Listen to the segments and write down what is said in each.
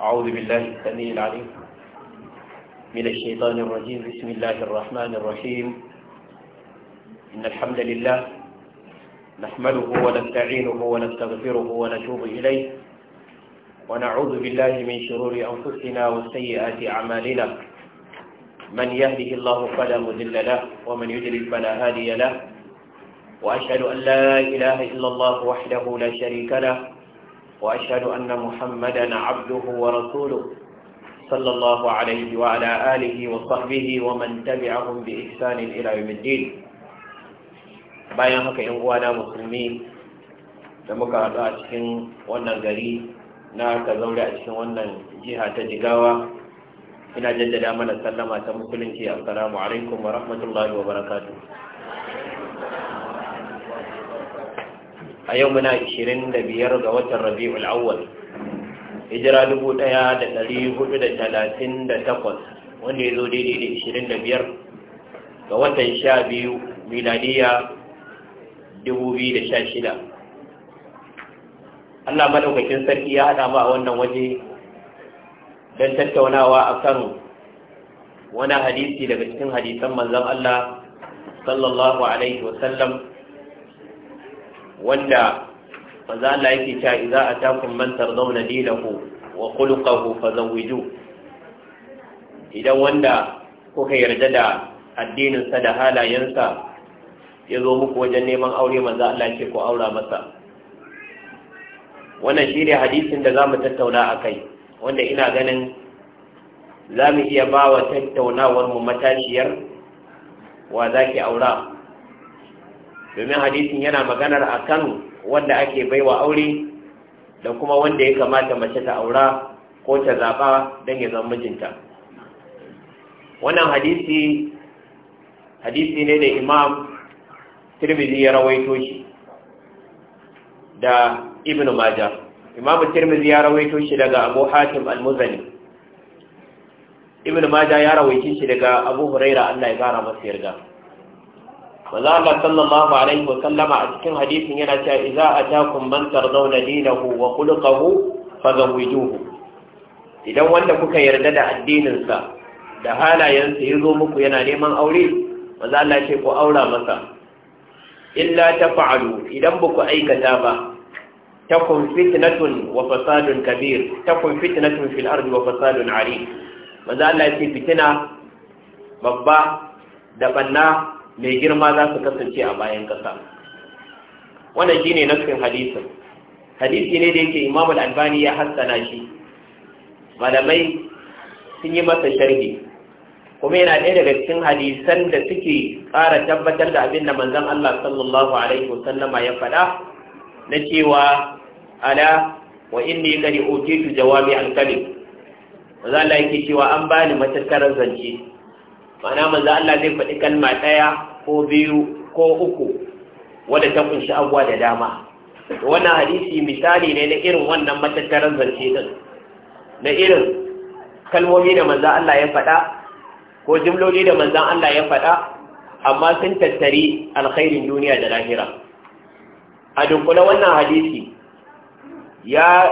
أعوذ بالله السميع العليم من الشيطان الرجيم بسم الله الرحمن الرحيم إن الحمد لله نحمده ونستعينه ونستغفره ونتوب إليه ونعوذ بالله من شرور أنفسنا وسيئات أعمالنا من يهده الله فلا مذل له ومن يدرك فلا هادي له وأشهد أن لا إله إلا الله وحده لا شريك له وأشهد أن محمدا عبده ورسوله صلى الله عليه وعلى آله وصحبه ومن تبعهم بإحسان إلى يوم الدين bayan haka ‘yan uwana musulmi da muka haɗu a cikin wannan gari na ka zaure a cikin wannan jiha ta jigawa ina jaddada mana sallama ta musulunci assalamu alaikum wa rahmatullahi wa barakatuh a yau muna 25 ga watan rabi'ul awwal hijira 1438 wanda ya zo daidai da 25 ga watan 12 miladiya 2016 Allah madaukakin sarki ya hada ba a wannan waje don tattaunawa a kan wani hadisi daga cikin hadisan manzon Allah sallallahu alaihi wasallam wanda manzo Allah yake cewa idza atakum man tardawna dinahu wa khuluquhu fazawwiju idan wanda kuka yarda da addinin sa da halayensa ya zo muku wajen neman aure manzo Allah yake ku aura masa wannan shine hadisin da zamu tattauna akai wanda ina ganin zamu iya bawa tattaunawar mu matashiyar wa zaki aura domin hadisin yana maganar akan wanda ake baiwa aure da kuma wanda ya kamata mace ta aura ko ta zaba don ya zama mijinta wannan hadisi hadisi ne da imam tirmidhi ya rawaito shi da ibn maja imam tirmidhi ya rawaito shi daga abu hatim al-muzani ibn maja ya rawaito shi daga abu huraira Allah ya gara masa yarda Maza Allah sallallahu alaihi wa sallama a cikin hadisin yana cewa idza atakum man tardawna dinahu wa khuluquhu fazawwijuhu idan wanda kuka yarda da addinin sa da halayensa yazo muku yana neman aure manzo Allah ya ce ku aura masa illa taf'alu idan baku aikata ba takun fitnatun wa fasadun kabir takun fitnatun fil ardi wa fasadun ari manzo Allah ya ce fitina babba da banna mai girma za su kasance a bayan ƙasa wannan shine nassin hadisin hadisi ne da yake imamul albani ya hassana shi malamai sun yi masa sharhi kuma yana ɗaya daga cikin hadisan da suke ƙara tabbatar da abin da manzon Allah sallallahu alaihi wasallama ya faɗa na cewa ala wa inni qad utitu jawami al-kalim manzon cewa an bani matattarar zance ma'ana manzo Allah zai faɗi kalma ɗaya ko biyu ko uku wadda ta kunshi abuwa da dama wannan hadisi misali ne na irin wannan matattarar zance din na irin kalmomi da manzo Allah ya faɗa ko jimloli da manza Allah ya faɗa amma sun tattari alkhairin duniya da lahira a dunkula wannan hadisi ya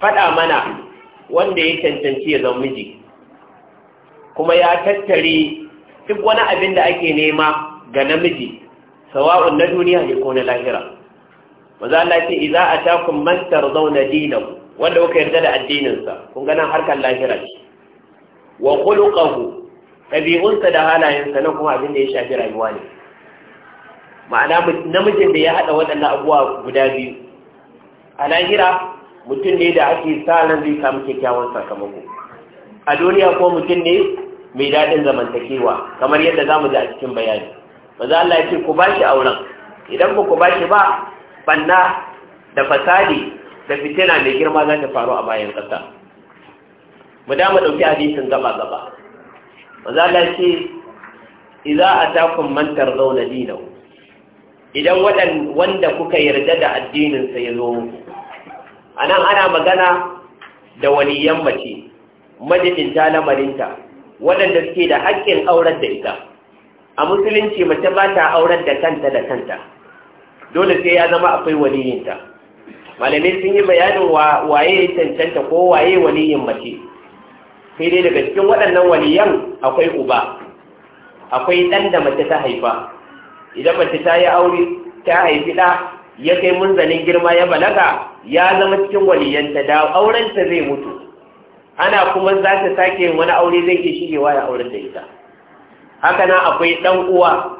faɗa mana wanda ya cancanci ya zama miji kuma ya tattari duk wani abin da ake nema ga namiji sawa'un na duniya ne ko na lahira maza Allah ce idza atakum man tarzawna dinahu wanda kuka yarda da addininsa kun ga nan harkar lahira ce wa khuluquhu da halayensa na kuma abin da ya shafi rayuwa ne ma'ana namijin da ya hada waɗannan abubuwa guda biyu a lahira mutum ne da ake sa nan zai samu kyakkyawan sakamako a duniya ko mutum ne mai daɗin zamantakewa kamar yadda za mu ji a cikin bayani maza Allah ya ce ku bashi auren idan ba ku bashi ba banna da fasadi da fitina mai girma za ta faru a bayan ƙasa mu da mu ɗauki hadisin gaba gaba maza Allah ya ce idza atakum mantar zauna dina, idan waɗan wanda kuka yarda da addininsa ya zo muku anan ana magana da waliyan mace madadin ta lamarinta waɗanda suke da haƙƙin aurar da ita a musulunci mace ba ta aurar da kanta da kanta dole sai ya zama akwai waliyinta malamai sun yi bayanin waye ya cancanta ko waye waliyin mace sai dai daga cikin waɗannan waliyan akwai uba akwai ɗan da mace ta haifa idan mace ta yi aure ta haifi ɗa ya kai munzanin girma ya balaga ya zama cikin waliyanta da aurenta zai mutu ana kuma za ta sake wani aure zai iya shigewa ya auren da ita haka nan akwai ɗan uwa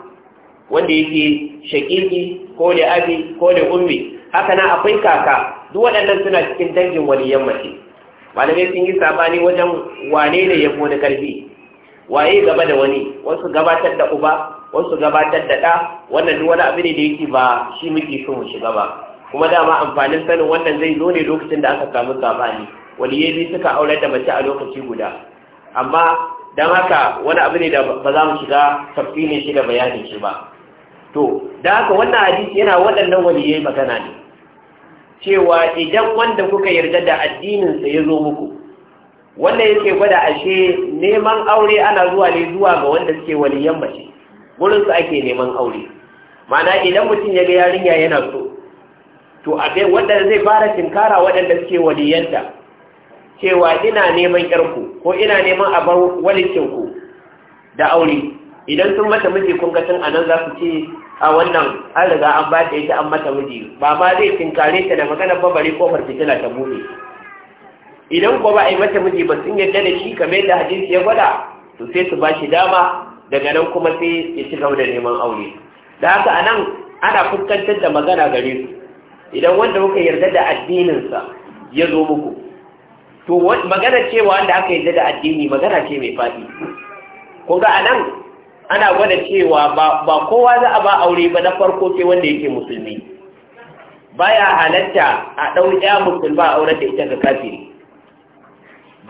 wanda yake shaƙiƙi ko da abi ko da ummi haka nan akwai kaka duk waɗannan suna cikin dangin waliyan mace malamai sun yi sabani wajen wane ne ya fi karfi waye gaba da wani wasu gabatar da uba wasu gabatar da ɗa wannan duk wani abu ne da yake ba shi muke so mu shiga ba kuma dama amfanin sanin wannan zai zo ne lokacin da aka samu sabani Waliyyai biyu suka aurar da mace a lokaci guda amma don haka wani abu ne da ba za mu shiga tafsirin shi da bayanin shi ba to da haka wannan hadisi yana waɗannan waliyyai magana ne cewa idan wanda kuka yarda da addininsa ya zo muku wanda yake gwada ashe neman aure ana zuwa ne zuwa ga wanda suke waliyan mace gurinsu ake neman aure mana idan mutum ya ga yarinya yana so to a wanda zai fara tinkara waɗanda suke waliyanta cewa ina neman yarku ko ina neman a bar walikinku da aure idan sun mata miji kun ga tun anan za su ce a wannan an riga an ba ta ita an mata miji ba ma zai tinkare ta da magana babari ko farfitila ta buɗe idan ko ba a yi mata miji ba sun yadda da shi kamar yadda hadisi ya gwada to sai su ba shi dama daga nan kuma sai ya ci gaba da neman aure da haka anan ana fuskantar da magana gare su idan wanda kuka yarda da addininsa ya zo muku to magana cewa wanda aka yi da addini magana ce mai faɗi Kuma ga anan ana gwada cewa ba kowa za a ba aure ba na farko sai wanda yake musulmi baya halatta a ɗau ya musulma a aure da ita ga kafiri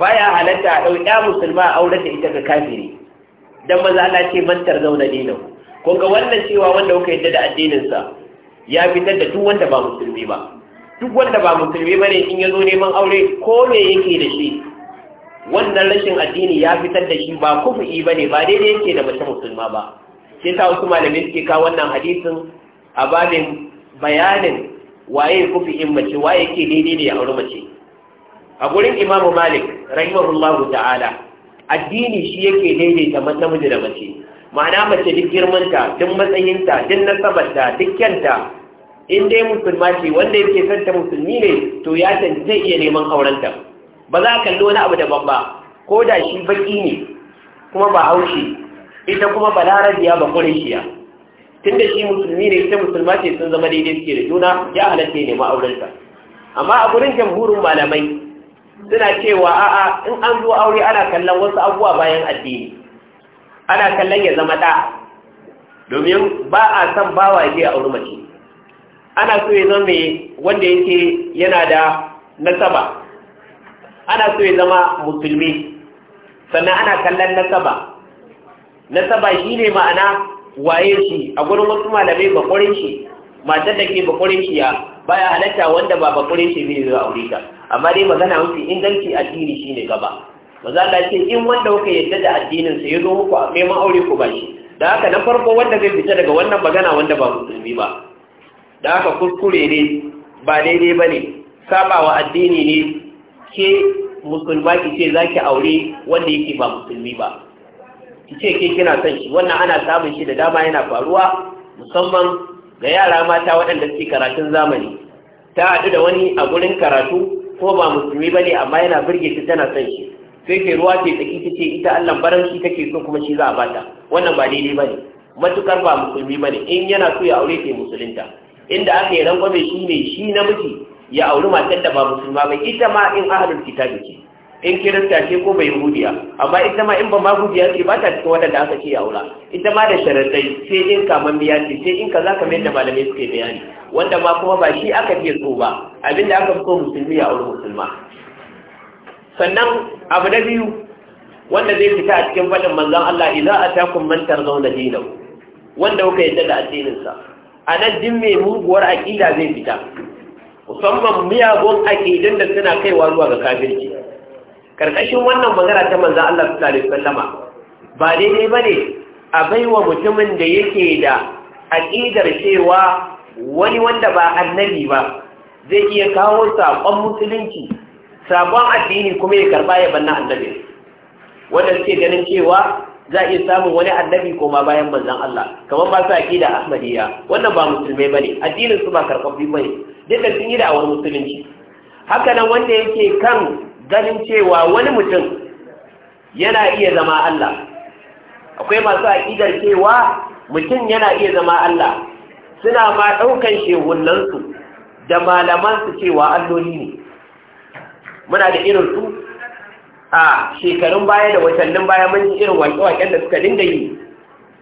baya halatta a ɗau ɗaya musulma a aure da ita ga kafiri dan maza Allah ce mantar zauna dinin Kuma ga wannan cewa wanda kuka yi da addininsa ya fitar da duk wanda ba musulmi ba duk wanda ba musulmi ba ne in ya zo neman aure ko me yake da shi wannan rashin addini ya fitar da shi ba kufi ba ne ba daidai yake da mace musulma ba sai ta wasu malamai suke kawo wannan hadisin a babin bayanin waye in mace waye yake daidai da ya aure mace a gurin imamu malik rahimahullahu ta'ala addini shi yake daidaita namiji da mace ma'ana mace duk girmanta duk matsayinta duk nasabarta duk kyanta in dai musulma ce wanda yake san ta musulmi ne to ya san zai iya neman aurenta ba za ka kalli wani abu daban ba ko da shi baki ne kuma ba haushi ita kuma ba balarabiya ba shi tun da shi musulmi ne ita musulma ce sun zama daidai suke da juna ya halatta ya nema aurenta amma a gurin jamhurin malamai suna cewa a'a in an zo aure ana kallon wasu abubuwa bayan addini ana kallon ya zama ɗa domin ba a san bawa ya je a auri mace ana so ya zama wanda yake yana da nasaba ana so ya zama musulmi sannan ana kallon nasaba nasaba shi ne ma'ana waye shi a gurin wasu malamai bakwarin shi matar da ke bakwarin shi ya baya halatta wanda ba bakwarin shi zai zuwa aure ta amma dai magana mafi inganci addini shi ne gaba maza Allah ce in wanda kuka yadda da addinin sa ya zo muku a neman aure ku ba shi da haka na farko wanda zai fita daga wannan magana wanda ba musulmi ba da aka kuskure ne ba daidai ba ne saba wa addini ne ke musulma ki ce za ki aure wanda yake ba musulmi ba ki ce ke kina son shi wannan ana samun shi da dama yana faruwa musamman ga yara mata waɗanda suke karatun zamani ta haɗu da wani a gurin karatu ko ba musulmi ba ne amma yana birge ta tana son shi sai ke ruwa ce tsaki ta ce ita allah baran shi take so kuma shi za a bata wannan ba daidai ba ne matukar ba musulmi ba ne in yana so ya aure ke musulunta inda aka yi rangwame shi ne shi namiji ya auri matar da ba musulma ba ita ma in kita da ke in kirista ce ko bai hudiya amma ita ma in ba ma hudiya ce ba ta cikin wadanda aka ce ya aura ita ma da sharaddai sai in ka biya ce sai in ka za ka mayar da malamai suke bayani wanda ma kuma ba shi aka fiye so ba abinda aka fi so musulmi ya auri musulma sannan abu na biyu wanda zai fita a cikin faɗin manzon Allah a takun man na dinau wanda kuka yadda da addininsa a nan din mai muguwar aƙida zai fita musamman miyagun aƙidun da suna kaiwa zuwa ga kafirci karkashin wannan magana ta manzan Allah sallallahu alaihi wasallama ba daidai bane a baiwa mutumin da yake da aƙidar cewa wani wanda ba annabi ba zai iya kawo saƙon musulunci saƙon addini kuma ya karɓa ya banna annabi wanda suke ganin cewa za a iya samun wani annabi koma bayan manzon Allah kamar masu aqida ahmadiyya wannan ba musulmai bane addinin su ba karkafi bane da sun yi da da'awar musulunci haka nan wanda yake kan ganin cewa wani mutum yana iya zama Allah akwai masu aqidar cewa mutum yana iya zama Allah suna ma daukan shehullansu da malaman su cewa alloli ne muna da irin su a shekarun baya da watannin baya mun irin waƙe-waƙen da suka dinga yi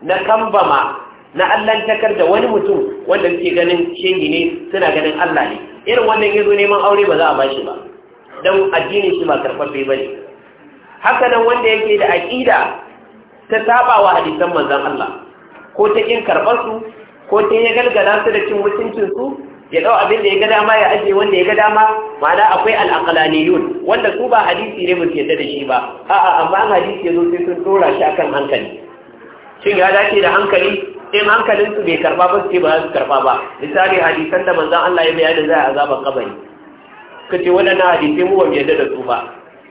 na kambama na allantakar da wani mutum wanda suke ganin shingi ne suna ganin Allah ne irin wannan yazo neman aure ba za a ba shi ba dan addinin shi ba karfafe bane haka nan wanda yake da aƙida ta sabawa hadisan manzon Allah ko ta kin karbar su ko ta ya galgala su da cin mutuncin su ya dau abin da ya ga dama ya ajiye wanda ya ga dama ma'ana akwai al'aqlaniyun wanda su ba hadisi ne musu yadda da shi ba a'a amma an hadisi yazo sai sun tura shi akan hankali shin ya dace da hankali in hankalin su bai karba ba sai ba su karba ba misali hadisan da manzon Allah ya da za a azaban kabari kace waɗannan hadisi mu ba mu yadda da su ba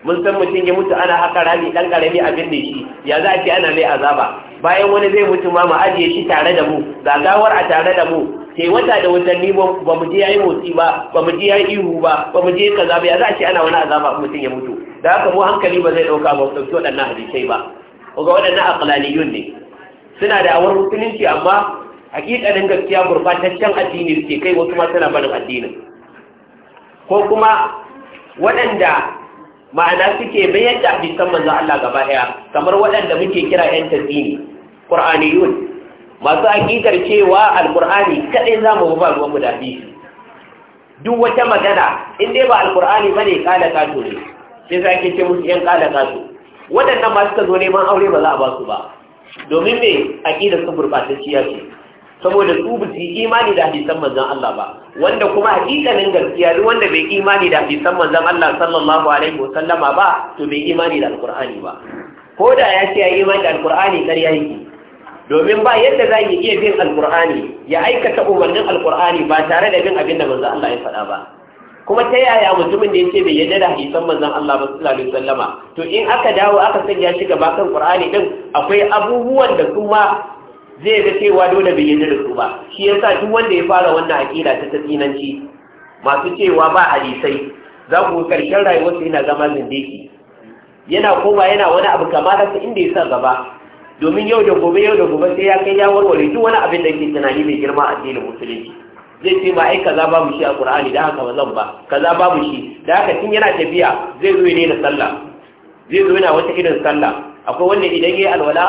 mun san mutum ya mutu ana haka rami dan karami abin da shi ya za a ce ana mai azaba bayan wani zai mutu ma mu ajiye shi tare da mu gagawar a tare da mu sai eh, wata da watanni ba mu je yayi motsi ba ba mu je yayi ihu ba ba mu je kaza ba ya za a ce ana wani azaba mutum ya mutu da haka mu hankali ba zai dauka ba sauki waɗannan hadisai ba kaga waɗannan aqlaliyun ne suna da awar musulunci amma hakikanin gaskiya gurbataccen addini ke kai wasu ma suna barin addinin ko kuma waɗanda ma'ana suke bayyana da hadisan manzo Allah gaba ɗaya kamar waɗanda muke kira 'yan tasini qur'aniyun masu aƙidar cewa alƙur'ani kaɗai za mu ba ruwanmu da hadisi duk wata magana in dai ba alƙur'ani ba ne ƙala kato ne sai za ke ce musu ‘yan ƙala kato waɗannan masu ka zo neman aure ba za a ba su ba domin me aƙidar su gurɓatacciya ce saboda su ba su imani da hadisan manzan Allah ba wanda kuma haƙiƙanin gaskiya duk wanda bai imani da hadisan manzan Allah sallallahu alaihi wa sallama ba to bai imani da alƙur'ani ba ko da ya ce ya imani da alƙur'ani ƙarya yake domin ba yadda za ya iya bin alkur'ani ya aikata umarnin alkur'ani ba tare da bin abin da manzan Allah ya faɗa ba kuma ta yaya mutumin da ya ce bai yadda da hadisan manzan Allah ba sallallahu alaihi wasallama to in aka dawo aka sanya shi gaba kan qur'ani din akwai abubuwan da kuma zai ga cewa dole bai yadda da su ba shi yasa duk wanda ya fara wannan aqida ta tsinanci masu cewa ba hadisai za ku karshen rayuwarsa yana zama zindiki yana koma yana wani abu kamar haka inda ya sa gaba domin yau da gobe yau da gobe sai ya kai ya warware duk wani abin da yake tunani mai girma a cikin musulunci zai ce ba ai kaza babu shi a Qur'ani da haka ba ba kaza babu shi da haka tun yana tafiya zai zo ne da sallah zai zo yana wata irin sallah akwai wanda idan yayi alwala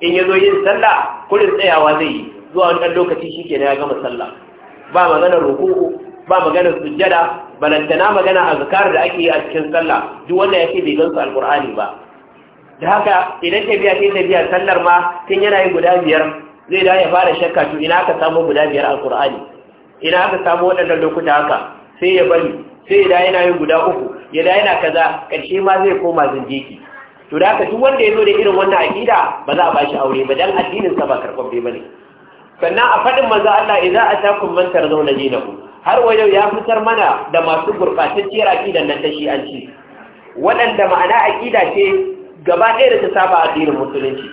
in ya zo yin sallah kullun tsayawa zai yi zuwa wani dan lokaci shikenan ya gama sallah ba magana ruku'u ba magana sujjada balantana magana azkar da ake yi a cikin sallah duk wanda yake bai gansu alqur'ani ba da haka idan tafiya ta tafiya sallar ma tun yana yin guda biyar zai da ya fara shakka to ina aka samu guda biyar a ina aka samu waɗannan lokuta haka sai ya bari sai ya da yana yin guda uku ya da yana kaza ƙarshe ma zai koma zinjiki to da haka duk wanda ya zo da irin wannan aƙida ba za a bashi aure ba dan addinin sa ba karɓar bai ne. sannan a faɗin manzo Allah idza atakum man tarzawna dinahu har wajen ya fitar mana da masu gurɓatacciyar aƙidan nan ta shi'anci waɗanda ma'ana aƙida ce gaba ɗaya da ta saba addinin musulunci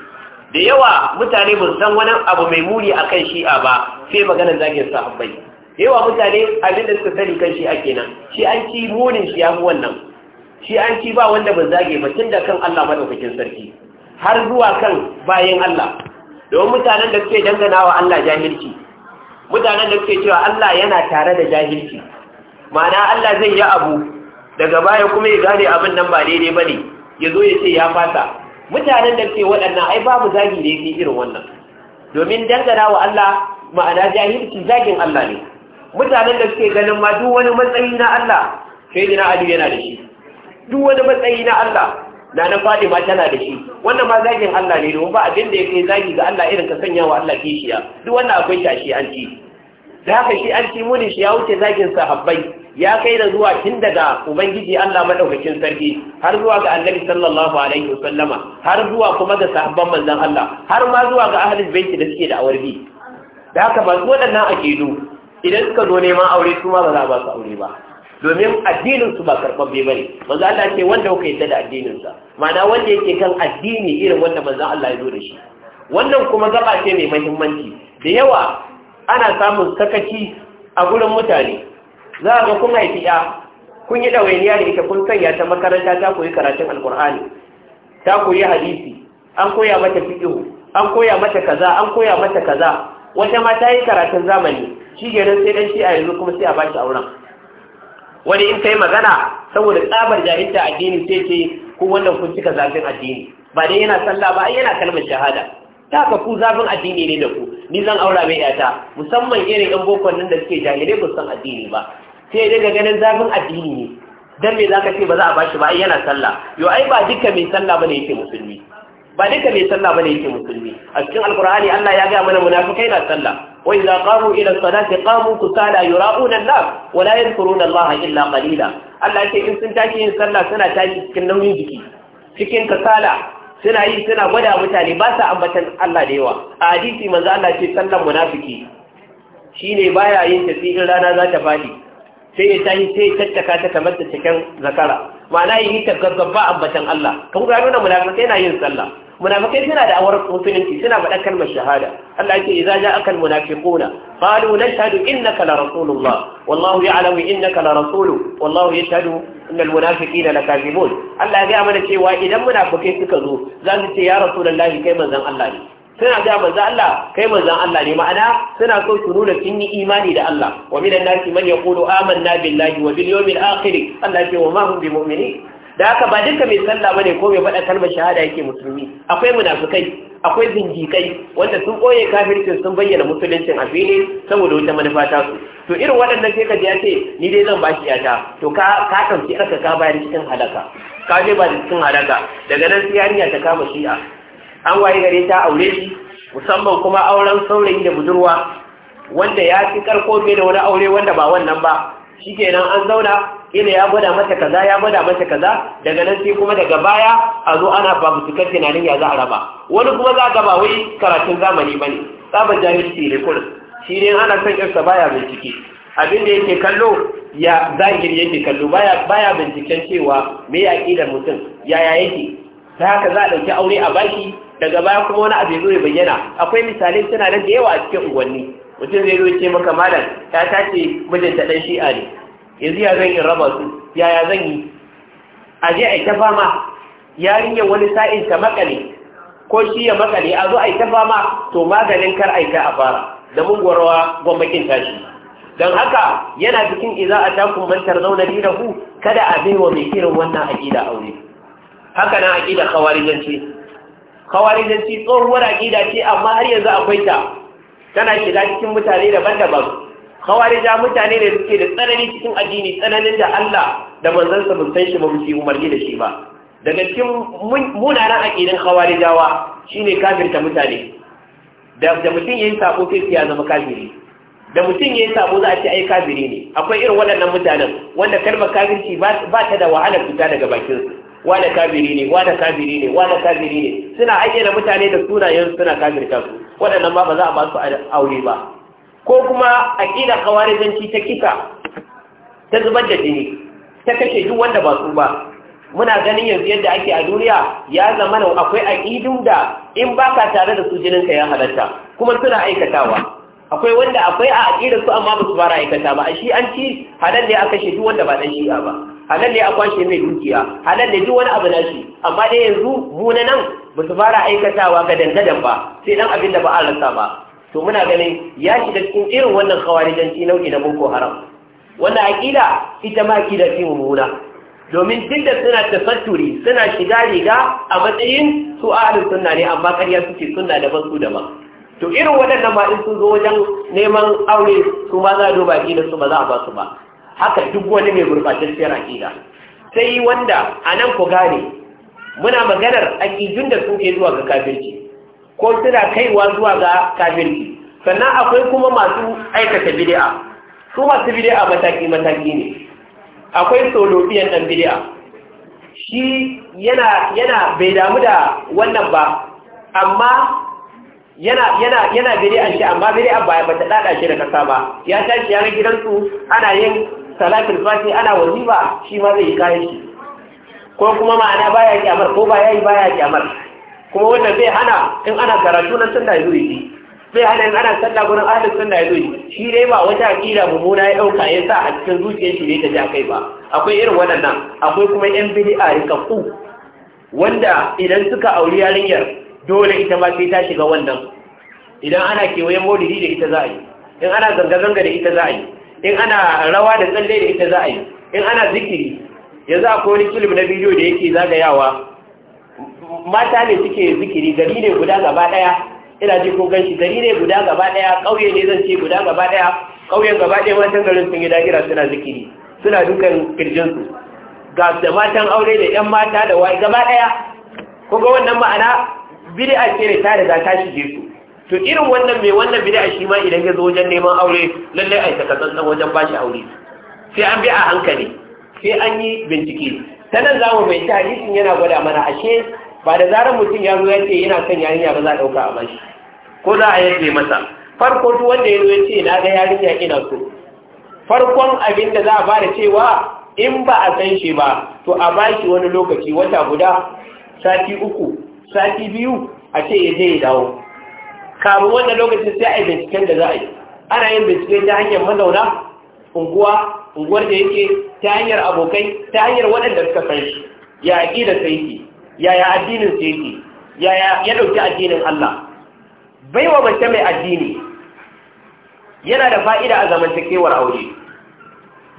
da yawa mutane ba san wani abu mai muni a kan shi'a ba sai maganar zagin sahabbai yawa mutane abin da suka sani kan shi'a kenan shi an ci munin shi ya fi wannan shi an ci ba wanda ba zage ba tun da kan Allah maɗaukakin sarki har zuwa kan bayan Allah domin mutanen da suke dangana wa Allah jahilci mutanen da suke cewa Allah yana tare da jahilci ma'ana Allah zai yi abu daga baya kuma ya gane abin nan ba daidai ba ne ya zo ya ce ya fata mutanen da ke waɗannan ai babu zagi da yake irin wannan domin dangana wa Allah ma'ana jahilci zagin Allah ne mutanen da suke ganin ma duk wani matsayi na Allah sai dina Ali yana da shi duk wani matsayi na Allah na na fadi ma tana da shi wannan ma zagin Allah ne domin ba abin da yake zagi ga Allah irin ka sanya wa Allah kishiya duk wannan akwai tashi an ci da haka shi muni shi ya wuce zagin sahabbai ya kai da zuwa tun daga ubangiji Allah madaukakin sarki har zuwa ga annabi sallallahu alaihi wasallama har zuwa kuma ga sahabban manzon Allah har ma zuwa ga ahlul baiti da suke da awarbi da haka ba waɗannan akidu idan suka zo neman aure su ma ba za ba su aure ba domin addinin su ba bai bane manzo Allah ce wanda kuka yadda da addinin sa ma'ana wanda yake kan addini irin wanda manzan Allah ya zo da shi wannan kuma gaba ce mai muhimmanci da yawa ana samun sakaki a gurin mutane za a ga kun haifi ya kun yi ɗawainiya da ita kun sanya ta makaranta ta koyi karatun alkur'ani ta koyi hadisi an koya mata fi'u, an koya mata kaza an koya mata kaza wata ma ta yi karatun zamani shi gerin sai dan shi a yanzu kuma sai a ba shi auren wani in yi magana saboda tsabar jahilta addini sai ce ko wannan kun cika zafin addini ba dai yana sallah ba ai yana kalmar shahada da ka ku zafin addini ne da ku ni zan aura mai yata musamman irin yan bokon nan da suke jahilai ba san addini ba sai daga ganin zafin addini ne dan me zaka ce ba za a bashi ba ai yana sallah yo ai ba duka mai sallah bane yake musulmi ba duka mai sallah bane yake musulmi a cikin alqur'ani Allah ya ga mana munafikai na sallah wa idza qamu ila salati qamu kusala yura'una an wa la yadhkuruna Allah illa qalila Allah ce in sun tashi yin sallah suna tashi cikin nauyin jiki cikin kasala suna yi suna gwada mutane ba sa ambatan Allah da yawa a hadisi manzo Allah ce sallan munafiki shine baya yin in rana za ta fadi sai ya tashi sai ya tattaka ta kamar ta cikin zakara ma'ana yin ta gaggaba ambatan Allah kan ga nuna munafiki yana yin sallah munafikai suna da awar musulunci suna faɗa kalmar shahada Allah ya ce idza ja'aka almunafiquna qalu nashhadu innaka la rasulullah wallahu ya'lamu innaka la rasulu wallahu yashhadu innal munafiqina lakazibun Allah ya gaya mana cewa idan munafikai suka zo za su ce ya rasulullahi kai manzon Allah ne suna ga manzo Allah kai manzon Allah ne ma'ana suna so su nuna sun yi imani da Allah wa minan nasi man yaqulu amanna billahi wa bil yawmil akhir Allah ce wa ma hum bimu'minin da aka ba duka mai sallah bane ko mai faɗa kalmar shahada yake musulmi akwai munafikai akwai zindikai wanda sun koye kafircin sun bayyana musuluncin a fili saboda wata manufa ta su to irin waɗannan sai ka ji ya ce ni dai zan bashi ta, to ka ka ɗauki aka ka bayar cikin halaka ka je ba cikin halaka daga nan sai yarinya ta kama shi'a an waye gare ta aure shi musamman kuma auren saurayi da budurwa wanda ya fi karko fiye da wani aure wanda ba wannan ba shi kenan an zauna yana ya gwada mata kaza ya gwada mata kaza daga nan sai kuma daga baya a zo ana cikar tunanin ya za a raba wani kuma za ga ba wai karatun zamani ba ne tsabar jahilci ne kurin shi ne ana son yarsa baya bincike abin da yake kallo ya zahiri yake kallo baya baya binciken cewa me ya ƙi da mutum yaya yake ta haka za a ɗauki aure a baki daga baya kuma wani abu ya zo ya bayyana akwai misalai suna nan da yawa a cikin unguwanni mutum zai zo ce maka malam ta tace mijinta ɗan shi'a ne yanzu ya zan yi raba su yaya zan yi a je a yi ta fama yarinyar wani sa'in ta makale ko shi ya makale a zo a yi ta fama to maganin kar a aika a fara da mungwarwa gwamnatin tashi don haka yana cikin iza a takun mantar zauna ku? kada a bai wa mai kirin wannan aƙida aure haka na aƙida kawarijanci kawarijanci tsohuwar aƙida ce amma har yanzu akwai ta tana shiga cikin mutane daban-daban khawarija mutane ne suke da tsanani cikin addini tsananin da Allah da manzansa mun san shi ba mu umarni da shi ba daga cikin munanan aqidan khawarijawa shine kafirta mutane da da mutun yayin sabo sai ya zama kafiri da mutun yayin sako za a ce ai kafiri ne akwai irin waɗannan mutanen wanda kalmar kafirci ba ta da wahalar fita daga bakin su wane kafiri ne wane kafiri ne wane kafiri ne suna ayyana mutane da sunayen suna kafirta su waɗannan ba za a ba su aure ba ko kuma aƙida kawarijanci ta kika ta zubar da jini ta kashe duk wanda ba su ba muna ganin yanzu yadda ake a duniya ya zama akwai aƙidun da in ba ka tare da su jinin ka ya halatta kuma suna aikatawa akwai wanda akwai a aƙidar su amma ba su fara aikata ba a shi an ci halar ne a kashe duk wanda ba ɗan shi'a ba halal ne a kwashe mai dukiya halal ne duk wani abu na shi amma dai yanzu mu na nan ba su fara aikatawa ga dangadan ba sai dan abin da ba a rasa ba to muna ganin ya shiga cikin irin wannan khawarijanci nau'i na boko haram wannan aqida ita ma aqida ce mummuna domin duk da suna tafatturi suna shiga riga a matsayin su ahlus sunna ne amma ƙarya suke sunna daban su daban to irin waɗannan ba in sun zo wajen neman aure su ma za a duba gina su ba za a ba su ba haka duk wani mai gurbatacciyar aƙida sai wanda a nan ku gane muna maganar aƙidun da suke zuwa ga kafirci ko suna kaiwa zuwa ga kafirci sannan akwai kuma masu aikata bid'a su masu bid'a mataki mataki ne akwai solofiyan ɗan bid'a shi yana bai damu da wannan ba amma yana yana yana shi amma bid'a ba ya bata ɗaɗa shi da kasa ba ya tashi ya ga gidansu ana yin salatul fati ana waziba shi ma zai yi kayan shi ko kuma ma'ana baya kyamar ko baya yi baya kyamar kuma wannan zai hana in ana karatu na sunna ya zuwa zai hana in ana sallah gurin sun sunna ya zuwa shi dai ba wata akida mummuna ya dauka ya sa a cikin zuciyar shi ne ta ja kai ba akwai irin waɗannan akwai kuma yan bid'a rikakku wanda idan suka auri yarinyar dole ita ma sai ta shiga wannan idan ana kewayen maulidi da ita za a yi in ana zanga-zanga da ita za a yi in ana rawa da tsalle da ita za a yi in ana zikiri yanzu a wani film na bidiyo da yake zagayawa mata ne suke zikiri gari ne guda gaba daya ina ji ko ganshi gari ne guda gaba daya ƙauye ne zan ce guda gaba daya ƙauyen gaba daya matan garin sun yi dagira suna zikiri suna dukan kirjinsu ga da matan aure da yan mata da wai gaba daya ko ga wannan ma'ana bid'a ce ne ta riga ta shige su to irin wannan mai wannan bid'a shi ma idan ya zo wajen neman aure lallai ai ta tsantsan wajen bashi aure sai an bi a hankali sai an yi bincike sanan zamu mai ta hadisin yana gwada mana ashe ba da zarar mutum ya zo ya ce yana son yarinya ba za a ɗauka a bashi ko za a yanke masa farko duk wanda ya zo ya ce na ga yarinya ina so farkon abin da za a fara cewa in ba a san shi ba to a bashi wani lokaci wata guda sati uku sati biyu a ce ya je ya dawo kamun wannan lokacin sai a binciken da za a yi ana yin bincike ta hanyar mazauna unguwa unguwar da yake ta hanyar abokai ta hanyar waɗanda suka san shi ya da sai yake yaya addinin sai yake yaya ya ɗauki addinin Allah baiwa mace mai addini yana da fa'ida a zamantakewar aure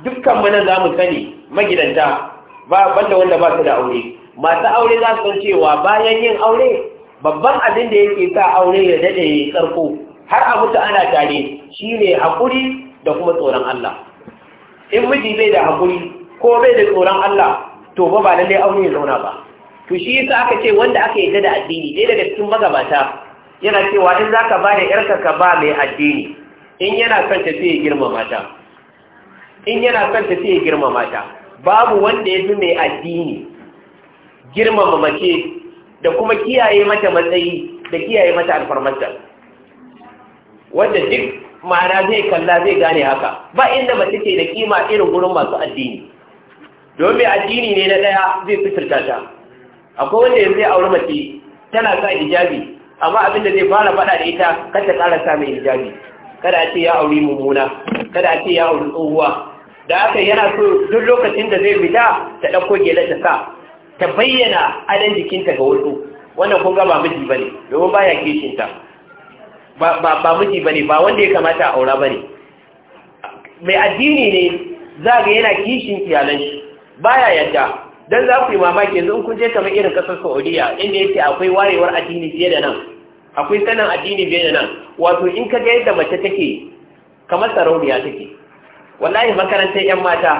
dukkan mana za mu sani magidanta ba banda wanda ba su da aure masu aure za su san cewa bayan yin aure babban abin da yake sa aure ya dade ya tsarko har a mutu ana tare shi ne hakuri da kuma tsoron Allah in miji bai da hakuri ko bai da tsoron Allah to ba ba lallai aure ya zauna ba to shi yasa aka ce wanda aka yadda da addini ɗaya daga cikin magabata yana cewa in zaka ba da yarka ka ba mai addini in yana son ta sai girmama ta in yana son ta sai girmama ta babu wanda ya fi mai addini girmama mace da kuma kiyaye mata matsayi da kiyaye mata alfarmarta wanda duk ma'ana zai kalla zai gane haka ba inda mace ce da kima irin gurin masu addini domin addini ne na ɗaya zai fitirta ta akwai wanda yanzu ya auri mace tana sa hijabi amma abin da zai fara faɗa da ita kar ta ƙara sa mai hijabi kada a ce ya auri mummuna kada a ce ya auri tsohuwa da aka yana so duk lokacin da zai fita ta ɗauko gelar ta sa ta bayyana adon jikinta ga wasu wannan kun ga ba miji bane domin ya kishinta ba miji ba miji bane ba wanda ya kamata a aura bane mai addini ne za ga yana kishin iyalan shi Ba ya yadda don za ku yi mamaki yanzu in kun je kamar irin kasar Saudiya inda yake akwai warewar addini fiye da nan akwai sanin addini fiye da nan wato in ka ga yadda mace take kamar sarauniya take wallahi makarantar yan mata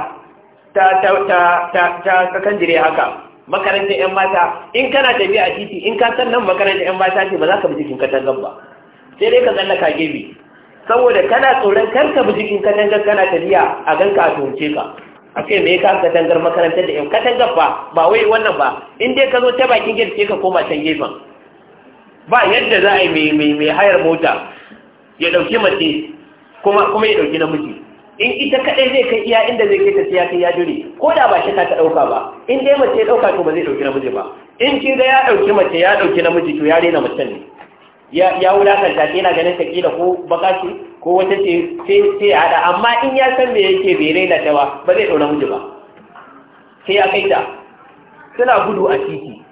ta ta ta ta ta haka makarantar yan mata in kana tafiya a titi in ka san nan makarantar yan mata ce ba za ka bi jikin katangar ba sai dai ka tsallaka gebe saboda kana tsoron kar ka bi jikin katangar kana tafiya a ganka a tuhunce ka a ce me ka katangar makarantar da yan katangar ba ba wai wannan ba in dai ka zo ta bakin gate sai ka koma can gefen ba yadda za a yi mai hayar mota ya dauki mace kuma ya dauki namiji in ita kadai zai kai iya inda zai kai ta siya kai ya dure ko da ba ta ɗauka ba in dai mace ya ɗauka to ba zai ɗauki namiji ba in kin ga ya ɗauki mace ya ɗauki namiji to ya rena mace ne ya wulakanta ta ganin ta ko baka ko wata ce sai ya haɗa, amma in ya san me yake bai rena ta ba ba zai ɗauki namiji ba sai ya kai ta suna gudu a titi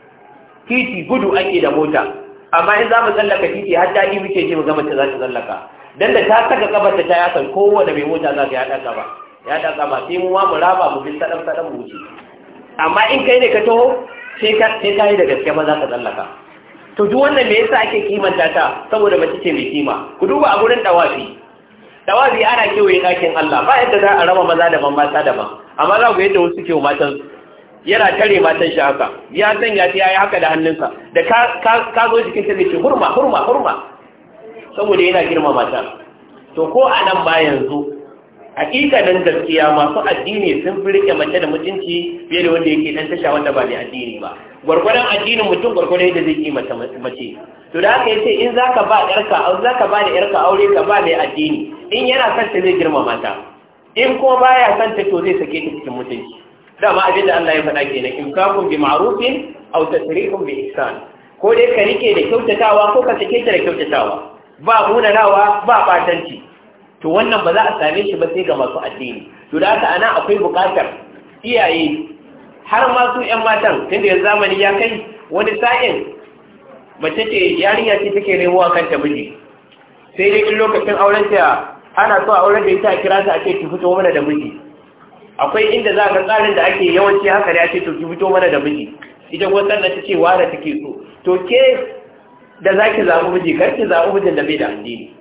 titi gudu ake da mota amma in za mu tsallaka titi har ta yi muke ce mu ga mace za ta tsallaka dan da ta saka kabar ta ya kowane mai mota za ta ya ɗan gaba ya da kama sai mu ma mu raba mu bin sadan sadan mu wuce amma in kai ne ka taho sai ka sai kai da gaske ba za ka tsallaka to duk wannan me yasa ake kimanta ta saboda mace ce mai kima ku duba a gurin dawafi dawafi ana kewaye ɗakin Allah ba yadda za a raba maza daban mata daban amma za ku yadda wasu ke matan yana tare matan shi haka ya sanya ta yayi haka da hannunsa da ka ka zo cikin ta ce hurma hurma hurma saboda yana girma mata to ko a nan ba yanzu Hakika nan, gaskiya masu addini sun fi rike mace da mutunci fiye da wanda yake dan tasha wanda ba da addini ba gwargwadon addinin mutum gwargwadon yadda zai yi mace to da haka yace in zaka ba yarka au zaka ba da yarka aure ka ba mai addini in yana son ta zai girma mata in ko baya son ta to zai sake ta cikin mutunci dama abin da Allah ya faɗa kenan imsakum bi ma'rufin aw tasrihum bi ihsan ko dai ka rike da kyautatawa ko ka sake ta da kyautatawa ba munanawa ba batanci to wannan ba za a same shi ba sai ga masu addini to da haka ana akwai buƙatar iyaye har masu 'yan matan tunda yanzu zamani ya kai wani sa'in mace ce yarinya ce take nemo a kanta miji sai dai in lokacin auren ta ana so a auren da ita a kira ta a ce ki fito mana da miji akwai inda za ka tsarin da ake yawanci haka da ake to ki fito mana da miji ita kuma sannan ta ce wara take so to ke da za ki zaɓi miji kar ki zaɓi mijin da bai da addini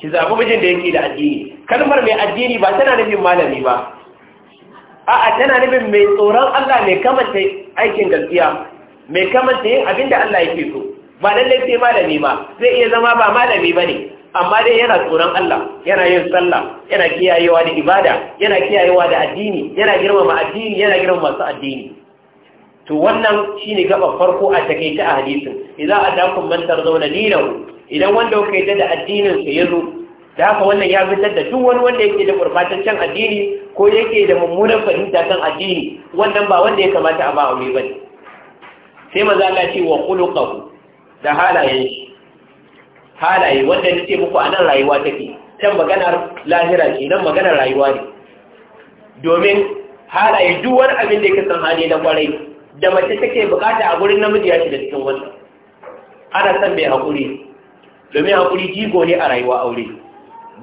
ki zaɓi mijin da yake da addini kalmar mai addini ba tana nufin malami ba a'a tana nufin mai tsoron Allah mai kamanta aikin gaskiya mai kamanta yin abin da Allah yake so ba lallai sai malami ba zai iya zama ba malami ba ne amma dai yana tsoron Allah yana yin sallah yana kiyayewa da ibada yana kiyayewa da addini yana girmama addini yana girmama masu addini to wannan shine gaba farko a takeice a hadisin idza atakum man zaune dinahu idan wanda ya da addinin sa zo, da haka wannan ya fitar da duk wani wanda yake da gurbataccen addini ko yake da mummunan fahimta kan addini wannan ba wanda ya kamata a ba aure bane sai maza Allah ce wa khuluquhu da halayen shi halaye wanda nake muku a nan rayuwa take can maganar lahira ce nan maganar rayuwa ne domin halaye duk wani abin da yake san hali na kwarai da mace take bukata a gurin namiji ya shiga cikin wata. ana san mai haƙuri domin haƙuri jigo ne a rayuwa aure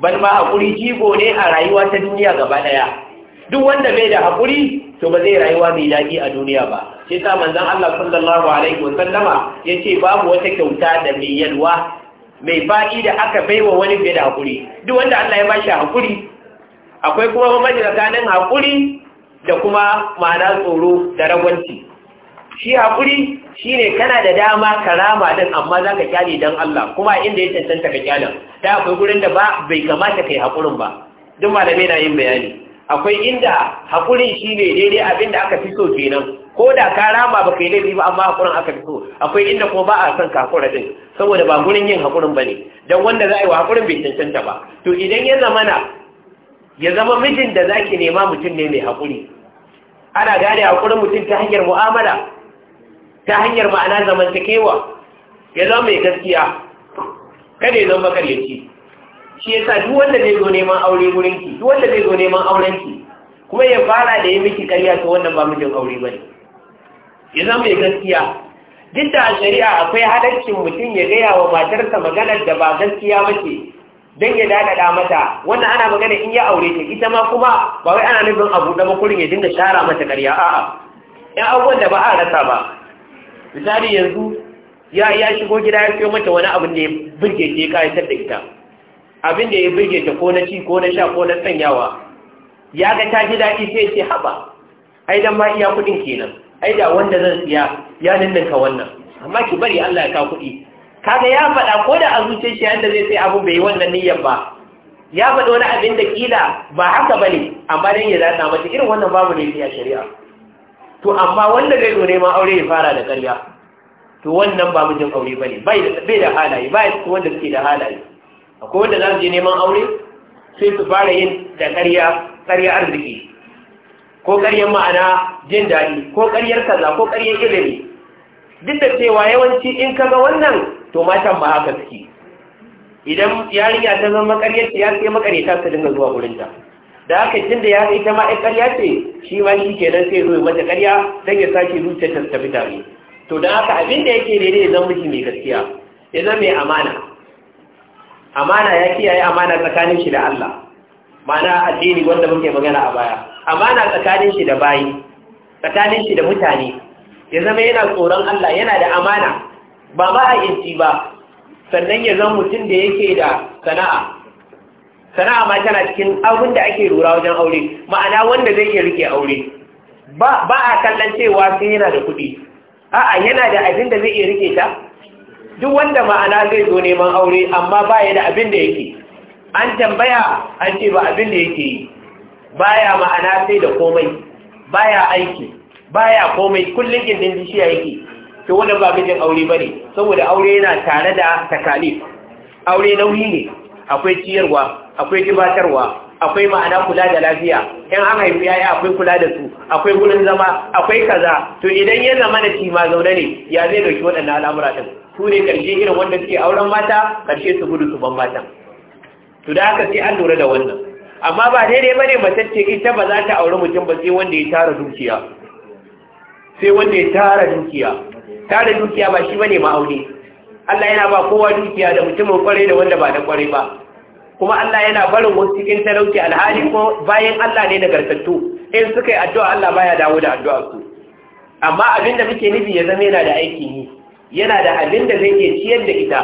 ban ma haƙuri jigo ne a rayuwa ta duniya gaba daya duk wanda bai da haƙuri to ba zai rayuwa mai daɗi a duniya ba shi sa manzon Allah sallallahu alaihi wa sallama yace babu wata kyauta da mai yalwa mai faɗi da aka baiwa wani bai da haƙuri duk wanda Allah ya ba shi haƙuri akwai kuma mamaji tsakanin haƙuri da kuma ma'ana tsoro da ragwanci shi haƙuri shi ne kana da dama karama din amma za ka kyale don Allah kuma inda ya cancanta ka kyalen ta akwai gurin da ba bai kamata ka yi haƙurin ba duk malamai na yin bayani akwai inda haƙurin shi ne daidai abin da aka fi so kenan ko da ka rama ba ka yi laifi ba amma haƙurin aka fi so akwai inda kuma ba a son ka haƙura din saboda ba gurin yin haƙurin ba ne don wanda za a yi wa haƙurin bai cancanta ba to idan ya na ya zama mijin da za ki nema mutum ne mai haƙuri ana gane haƙurin mutum ta hanyar mu'amala ta hanyar ma'ana zamantakewa ya zama mai gaskiya kada ya zama makaryaci shi yasa duk wanda zai zo neman aure wurin ki duk wanda zai zo neman auren ki kuma ya fara da ya miki karya to wannan ba mijin aure bane ya zama mai gaskiya duk da shari'a akwai halaccin mutum ya gaya wa matarsa maganar da ba gaskiya ba ce don ya daɗaɗa mata wannan ana magana in ya aure ta ita ma kuma ba wai ana nufin abu da makurin ya dinga shara mata karya a'a yan abubuwan da ba a rasa ba misali yanzu ya ya shigo gida ya siyo mata wani abin da ya birge ta ya kayatar da ita abin da ya birge ta ko na ci ko na sha ko na sanyawa ya ga ta ji daɗi sai ce haɓa ai dan ma iya kuɗin kenan ai da wanda zan siya ya ninninka wannan amma ki bari Allah ya ka kuɗi kaga ya faɗa ko da a zuciyar shi yanda zai sai abu bai wannan niyyar ba ya faɗi wani abin da kila ba haka bane amma dan ya zata mata irin wannan babu ne a shari'a to amma wanda zai zo neman aure ya fara da ƙarya to wannan ba mijin aure ba ne bai da halaye ba su wanda suke da halaye akwai wanda za su je neman aure sai su fara yin da ƙarya ƙarya arziki ko ƙaryar ma'ana jin daɗi ko ƙaryar kaza ko ƙaryar ilimi duk da cewa yawanci in ka ga wannan to matan ba haka suke idan yarinya ta zama ƙaryar ta ya sai makareta su dinga zuwa wurinta. da haka cin da ya yi ta ma ƙarya ce shi ma shi kenan sai zo mata ƙarya don ya sake zuciyar ta tafi tare to da haka abin da yake daidai ya zama miji mai gaskiya ya zama mai amana amana ya kiyaye amana tsakanin shi da Allah ma'ana addini wanda muke magana a baya amana tsakanin shi da bayi tsakanin shi da mutane ya zama yana tsoron Allah yana da amana ba ma ba sannan ya zama mutum da yake da sana'a sana'a ma tana cikin abin da ake lura wajen aure ma'ana wanda zai iya rike aure ba a kallon cewa sai yana da kuɗi a'a yana da abin da zai iya rike ta duk wanda ma'ana zai zo neman aure amma ba ya da abin da yake an tambaya an ce ba abin da yake baya ma'ana sai da komai baya aiki baya komai kullum gindin bishiya yake to wanda ba mijin aure bane saboda aure yana tare da takalif aure nauyi ne akwai ciyarwa akwai gabatarwa akwai ma'ana kula da lafiya in an haifi yaya akwai kula da su akwai wurin zama akwai kaza to idan ya zama da cima zaune ne ya zai dauki waɗannan al'amura din su ne karshe irin wanda suke auren mata karshe su gudu su ban matan to da haka sai an lura da wannan amma ba daidai bane mace ce ita ba za ta auri mutum ba sai wanda ya tara dukiya sai wanda ya tara dukiya tara dukiya ba shi bane ma'auni Allah yana ba kowa dukiya da mutumin kwarai da wanda ba da kwarai ba kuma Allah yana barin wasu cikin talauci alhali ko bayan Allah ne da gartattu in suka yi addu'a Allah baya dawo da addu'a su amma abin da muke nufi ya zama yana da aikin yi yana da abin da zai iya ciyar da ita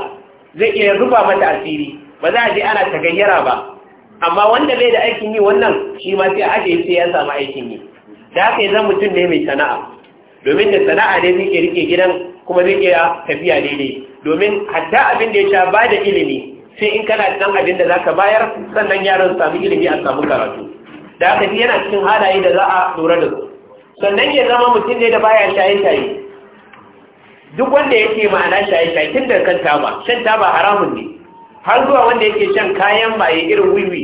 zai iya rufa mata asiri ba za a je ana ta gayyara ba amma wanda bai da aikin yi wannan shi ma sai ajiye sai ya samu aikin yi da haka yanzu mutum ne mai sana'a domin da sana'a ne zai rike gidan kuma zai iya tafiya daidai domin hatta abin da ya sha ba da ilimi sai in kana dan abin da za ka bayar sannan yaron samu ilimi a samu karatu da aka ji yana cikin halaye da za a lura da su sannan ya zama mutum ne da baya shaye-shaye duk wanda yake ma'ana shaye-shaye tun da kan taba shan taba haramun ne har zuwa wanda yake shan kayan maye irin wiwi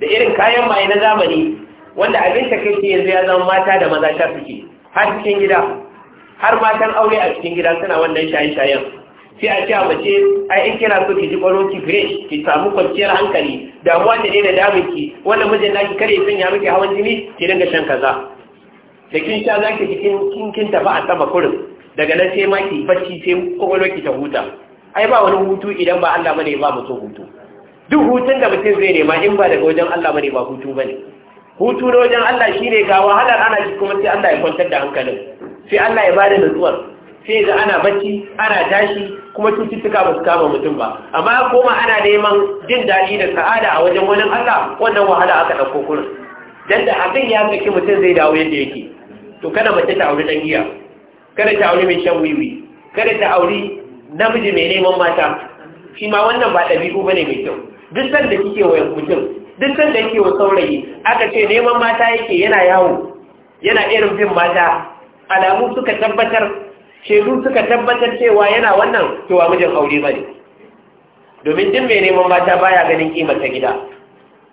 da irin kayan maye na zamani wanda abin ta kai yanzu ya zama mata da maza sha suke har cikin gida har matan aure a cikin gida suna wannan shaye-shayen sai a cewa mace ai in kina so ki ji kwaro ki fresh ki samu kwanciyar hankali damuwa ta daina damun ki wannan mijin naki kare ya sanya miki hawan jini ki dinga shan kaza da kin sha zaki cikin kin kin tafi a sama kurin daga nan sai ma ki bacci sai kwakwalwar ki ta huta ai ba wani hutu idan ba Allah bane ba mutum hutu duk hutun da mutum zai nema in ba daga wajen Allah bane ba hutu bane hutu na wajen Allah shine ga wahalar ana ji kuma sai Allah ya kwantar da hankalin sai Allah ya bada nutsuwar sai ga ana bacci ana tashi kuma cututtuka ba su kama mutum ba amma koma ana neman jin daɗi da sa'ada a wajen wani Allah wannan wahala aka ɗauko kuma dan da hakan ya kake mutum zai dawo yadda yake to kada mace ta auri ɗan giya kada ta auri mai shan wiwi kada ta auri namiji mai neman mata shi ma wannan ba ɗabi'u bane mai kyau duk sanda kike wa mutum duk sanda kike wa saurayi aka ce neman mata yake yana yawo yana irin bin mata alamu suka tabbatar shaidu suka tabbatar cewa yana wannan cewa mijin aure bane domin duk mai neman mata baya ganin kimar ta gida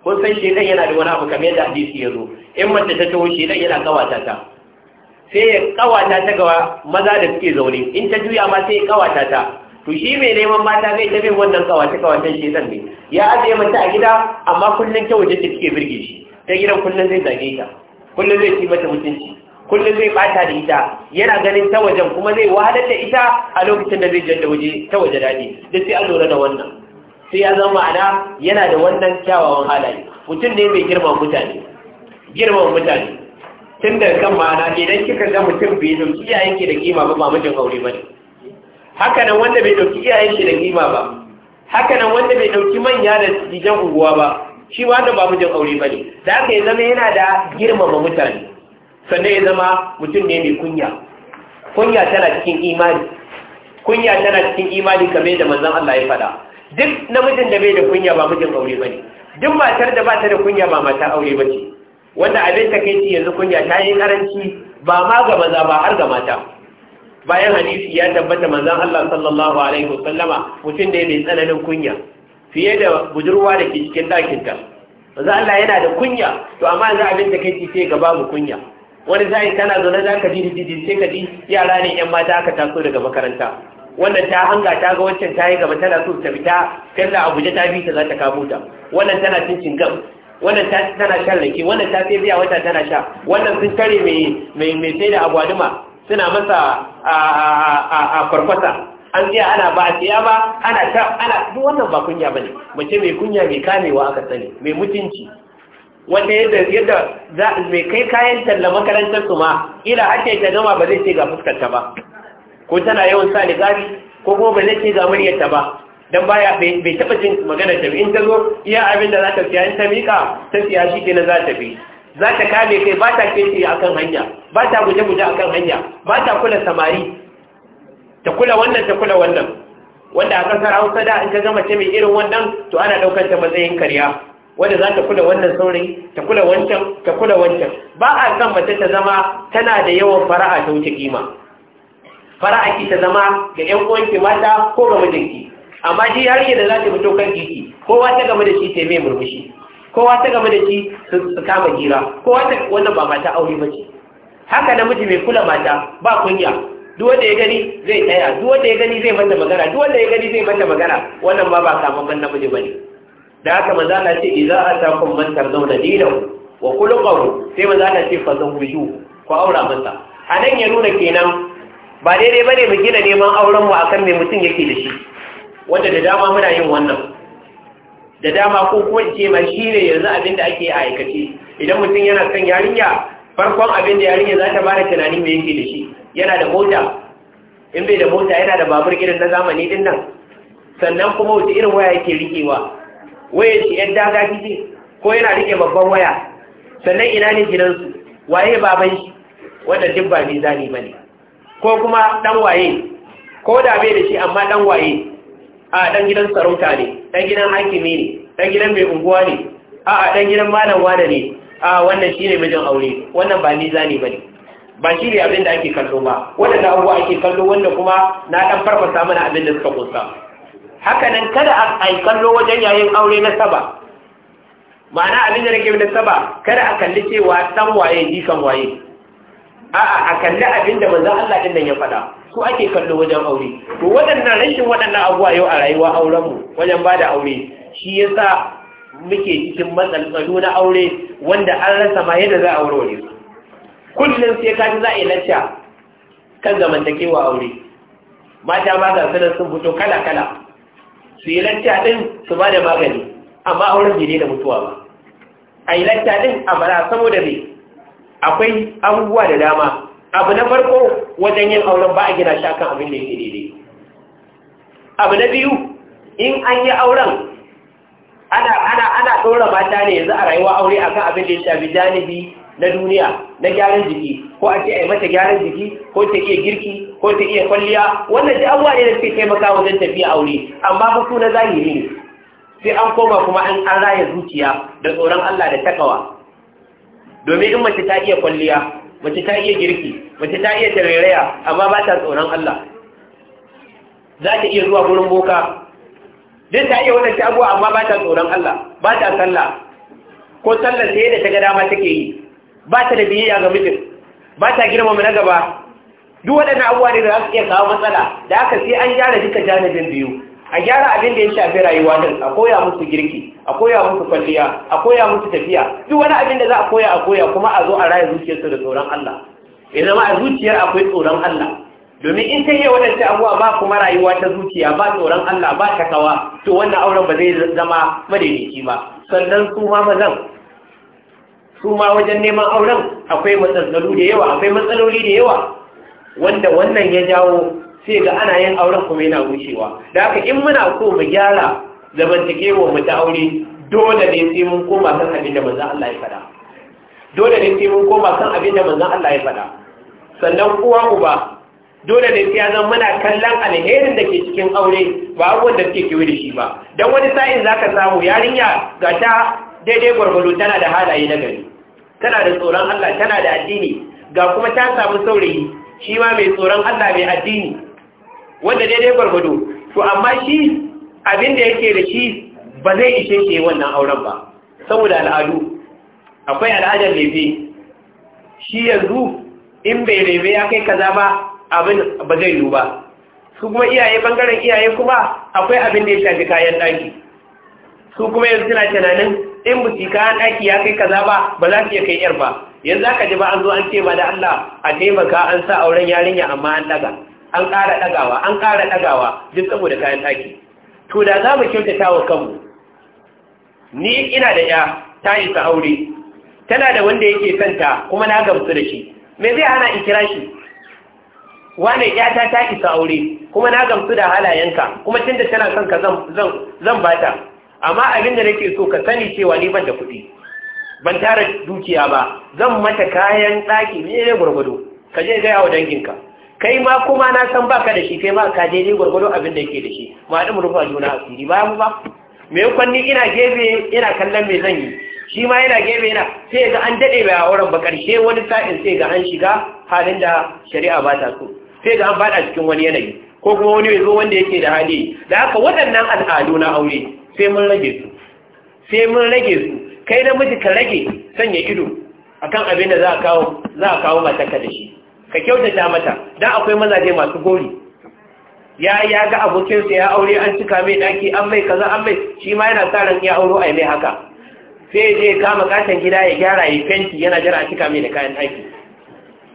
kun san shedan yana da wani abu kamar yadda hadisi ya zo in mace ta taho dan yana kawata ta sai ya kawata ta ga maza da suke zaune in ta juya ma sai ya kawata ta to shi mai neman mata zai tafi wannan kawace shi shedan ne ya ajiye mata a gida amma kullum kyau waje ta suke birge shi ta gidan kullum zai zage ta kullum zai ci mata mutunci kullum zai bata da ita yana ganin ta wajen kuma zai wahalar da ita a lokacin da zai jan da waje ta waje daɗi da sai an lura da wannan sai ya zama ana yana da wannan kyawawan halaye mutum ne mai girma mutane girman mutane tun da kan ma'ana idan kika ga mutum bai dauki iyayenki da kima ba ba mijin aure ba ne haka nan wanda bai dauki iyayenki da kima ba haka nan wanda bai dauki manya da jijan unguwa ba shi wanda ba mijin aure ba ne da aka yi zama yana da girmama mutane sannan ya zama mutum ne mai kunya kunya tana cikin imani kunya tana cikin imani kame da manzan Allah ya fada duk namijin da bai da kunya ba mijin aure bane duk matar da ba ta da kunya ba mata aure bace wanda abin takeici yanzu kunya ta yi karanci ba ma ga maza ba har ga mata bayan hadisi ya tabbata manzan Allah sallallahu alaihi wasallama mutum da mai tsananin kunya fiye da budurwa da ke cikin ta manzan Allah yana da kunya to amma yanzu abin takaici kai sai ga babu kunya wani zai tana zaune za ka ji jijin sai ka ji yara ne yan mata aka taso daga makaranta wannan ta hanga ta ga wancan ta yi gaba tana so ta fita kalla abuja ta bi ta za ta kamo ta wannan tana cin cingam wannan ta tana shan rake wannan ta sai biya wata tana sha wannan sun tare mai mai sai da agwaluma suna masa a farfasa an tsaya ana ba a tsaya ba ana ta ana duk wannan ba kunya ba ne, mace mai kunya mai kamewa aka sani mai mutunci wanda yadda yadda za mai kai kayan talla makarantar su ma ila ake ta gama ba zai ce ga fuskanta ba ko tana yawan sa gari, ko kuma ba zai ce ga muryar ta ba dan baya bai taba jin magana ta in ta zo iya abin da za ta siya in ta mika ta siya shi na za ta bi za ta kame kai ba ta kece akan hanya ba ta guje-guje akan hanya ba ta kula samari ta kula wannan ta kula wannan wanda a kasar Hausa da in ka gama ce mai irin wannan to ana daukar ta matsayin karya Wanda za ta kula wannan saurayi ta kula wancan ta kula wancan ba a kan mace ta zama tana da yawan fara'a ta wuce kima fara'a ki ta zama ga ƴan uwanki mata ko ga mijinki amma shi har yadda za ta fito kan kiki kowa ta game da shi ta mai murmushi kowa ta game da shi su kama gira kowa ta wannan ba mata aure ba ce haka namiji mai kula mata ba kunya duk wanda ya gani zai tsaya duk wanda ya gani zai mata magana duk wanda ya gani zai mata magana wannan ma ba kamar namiji bane da haka za Allah ce a idza mantar man tardawna dinahu wa khuluquhu sai maza na ce fazawwiju ku aura masa A nan ya nuna kenan ba daidai ne mu gina neman auren mu akan mai mutum yake da shi wanda da dama muna yin wannan da dama ko kuma ce ma shi ne yanzu abin da ake a aikace idan mutum yana kan yarinya farkon abin da yarinya za ta bada tunanin mai yake da shi yana da mota in bai da mota yana da babur irin na zamani din nan sannan kuma wata irin waya yake rikewa waye shi yan daga kike ko yana rike babban waya sannan ina ne gidansu waye baban shi wanda duk ba ni zani bane ko kuma dan waye ko da bai da shi amma dan waye a dan gidan sarauta ne dan gidan hakimi ne dan gidan mai unguwa ne a a dan gidan malam wada ne a wannan shine mijin aure wannan ba ni zani bane ba shi ne abin da ake kallo ba wannan abubuwa ake kallo wanda kuma na dan farfasa mana abin da suka kusa hakanan kada a kallo wajen yayin aure na saba ma'ana abin da nake da saba kada a kalli cewa dan waye jikan waye a'a a kalli abin da manzo Allah din nan ya faɗa su ake kallo wajen aure to waɗannan rashin waɗannan abuwa yau a rayuwa auren mu wajen bada aure shi yasa muke cikin matsaltsalu na aure wanda an rasa ma yadda za a warware wani kullum sai ka ji za a yi lacca kan zamantakewa aure mata ma ga sunan sun fito kala kala su yi ɗin su ba da magani amma auren bai da mutuwa ba a yi lacca ɗin a bara saboda bai akwai abubuwa da dama abu na farko wajen yin auren ba a gina shi akan abin da yake daidai abu na biyu in an yi auren ana ɗora mata ne yanzu a rayuwa aure akan abin da ya shafi janibi na duniya na gyaran jiki ko a ce a yi mata gyaran jiki ko ta iya girki ko ta iya kwalliya wannan da abuwa ne da suke taimaka wajen tafiya aure amma ba su na zahiri ne sai an koma kuma an an raya zuciya da tsoron Allah da takawa domin in mace ta iya kwalliya mace ta iya girki mace ta iya tarairaya amma ba ta tsoron Allah za ta iya zuwa gurin boka duk ta iya wadanci abuwa amma ba ta tsoron Allah ba ta sallah ko sallar sai da ta ga dama take yi ba ta da biyayya ga mijin ba ta girmama na gaba duk waɗannan abuwa ne da za su iya kawo matsala da aka sai an gyara duka janibin biyu a gyara abin da ya shafi rayuwa din a koya musu girki a koya musu kwalliya a koya musu tafiya duk wani abin da za a koya a koya kuma a zo a raya zuciyarsu da tsoron Allah ya zama a zuciyar akwai tsoron Allah domin in kai ta abuwa ba kuma rayuwa ta zuciya ba tsoron Allah ba ta kawa to wannan auren ba zai zama madaidaici ba sannan su ma mazan su ma wajen neman auren akwai matsaloli da yawa akwai matsaloli da yawa wanda wannan ya jawo sai ga ana yin auren kuma yana gushewa, da aka in muna so mu gyara zamantakewa mu ta aure dole ne sai mun koma kan abin da manzon Allah ya faɗa dole ne sai mun koma kan abin da manzon Allah ya faɗa sannan uwa uba dole ne sai zan muna kallon alherin da ke cikin aure ba abubuwan da suke kewaye da shi ba don wani sa'in za ka samu yarinya ga ta daidai gwargwado tana da halaye na gari tana da tsoron Allah tana da addini ga kuma ta samu saurayi shi ma mai tsoron Allah mai addini wanda daidai gwargwado to amma shi abin da yake da shi ba zai ishe shi wannan auren ba saboda al'adu akwai al'adar lebe shi yanzu in bai lebe ya kai kaza ba abin ba zai yi ba su kuma iyaye bangaren iyaye kuma akwai abin da ya shafi kayan ɗaki su kuma yanzu suna tunanin in buci kayan ɗaki ya kai kaza ba ba za su iya kai yar ba yanzu aka ji ba an zo an ce ba da Allah a taimaka an sa auren yarinya amma an daga an ƙara dagawa an ƙara dagawa duk saboda kayan taki to da za mu kyautata wa kanmu ni ina da ya ta isa aure tana da wanda yake santa kuma na gamsu da shi me zai hana in kira shi wane ƴata ta isa aure kuma na gamsu da halayenka kuma tunda tana kanka zan zan bata amma abin da nake so ka sani cewa ni ban da kuɗi ban tara dukiya ba zan mata kayan ɗaki ne ne gwargwado ka je gaya wa danginka kai ma kuma na san baka da shi kai ma ka je ne gwargwado abin da yake da shi ma da rufa juna asiri ba mu ba me kwanni ina gefe ina kallon me zan yi shi ma yana gefe yana sai ga an dade ba auren ba ƙarshe wani sa'in sai ga an shiga halin da shari'a ba ta so sai ga an faɗa cikin wani yanayi ko kuma wani mai zo wanda yake da hali da haka waɗannan al'adu na aure sai mun rage su sai mun rage su kai na miji ka rage sanya ido akan abin da za a kawo za a kawo da shi ka kyautata mata dan akwai mazaje masu gori ya ya ga abokinsa ya aure an cika mai daki an mai kaza an mai shi ma yana sa ran ya auro ai mai haka sai je kama katan gida ya gyara ya fenti yana jira a cika mai da kayan aiki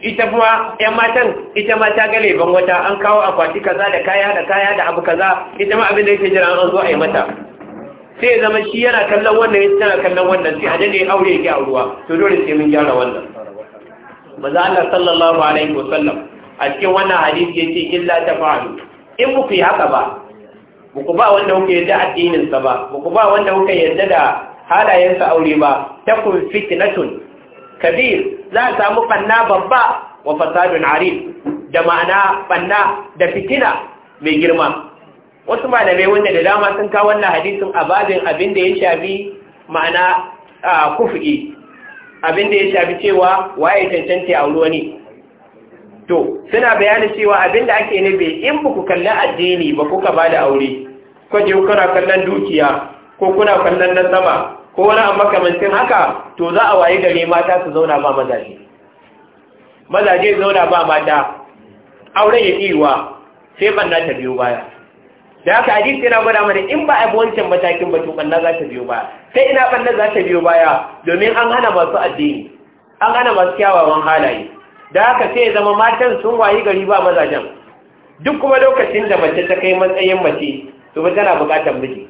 ita kuma ‘yan matan ita ma ta gale ban wata an kawo akwati kaza da kaya da kaya da abu kaza ita ma abin da yake jira an zo a yi mata sai zama shi yana kallon wannan yana tana kallon wannan sai a ne aure a ruwa. to dole sai mun gyara wannan maza Allah sallallahu alaihi wasallam a cikin wannan hadisi yace illa tafa'alu in ku yi haka ba ku ba wanda kuke yarda addinin sa ba ku ba wanda kuka yarda da halayen sa aure ba takun fitnatun kabir za ta samu banna babba wa fasadun arid da ma'ana banna da fitina mai girma wasu malamai wanda da dama sun kawo wannan hadisin a babin abin da ya shafi ma'ana kufi abin da ya shafi cewa waye cancanta a wani to suna bayani cewa abin da ake nufi in ba ku kalli addini ba kuka ba da aure ko je kuna kallon dukiya ko kuna kallon na sama ko wani amma makamancin haka to za a waye gare mata su zauna ba mazaje mazaje zauna ba mata auren ya iya sai ban na ta biyo baya da haka hadisi yana gwada mana in ba a yi wancan matakin batu ɓanna za ta biyo baya sai ina ɓanna za ta biyo baya domin an hana masu addini an hana masu kyawawan halaye da aka sai ya zama matan sun wayi gari ba mazajen duk kuma lokacin da mace ta kai matsayin mace to ba tana bukatan miji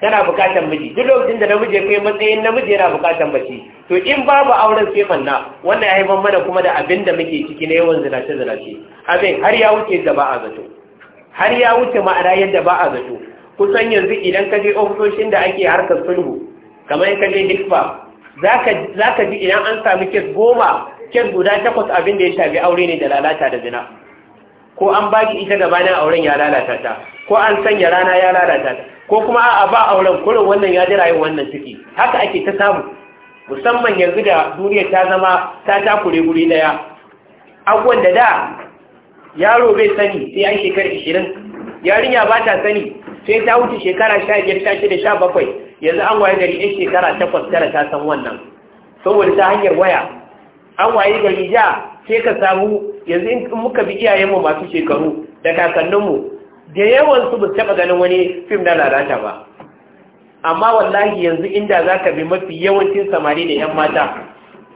tana bukatan miji duk lokacin da namiji ya kai matsayin namiji yana bukatan mace to in babu auren sai ɓanna wannan ya haifar mana kuma da abin da muke ciki na yawan zinace zinace abin har ya wuce da ba a zato har ya wuce ma'ana yadda ba a zato kusan yanzu idan ka je ofisoshin da ake harkar sulhu kamar ka je dikfa. za ka ji idan an sami kes goma kes guda takwas abin da ya shafi aure ne da lalata da zina ko an baki ita gabanin auren ya lalata ta ko an sanya rana ya lalata ta ko kuma a ba auren kurin wannan ya jira yin wannan ciki haka ake ta samu musamman yanzu da duniya ta zama ta takure guri daya abubuwan da da yaro bai sani sai an shekara ishirin yarinya ba ta sani sai ta wuce shekara sha ta sha da sha bakwai yanzu an waye gari yan shekara takwas tara ta san wannan saboda ta hanyar waya an waye gari ja sai ka samu yanzu in muka bi iyayenmu masu shekaru da kakanninmu da yawan su ba taɓa ganin wani fim na lalata ba amma wallahi yanzu inda za ka bi mafi yawancin samari da 'yan mata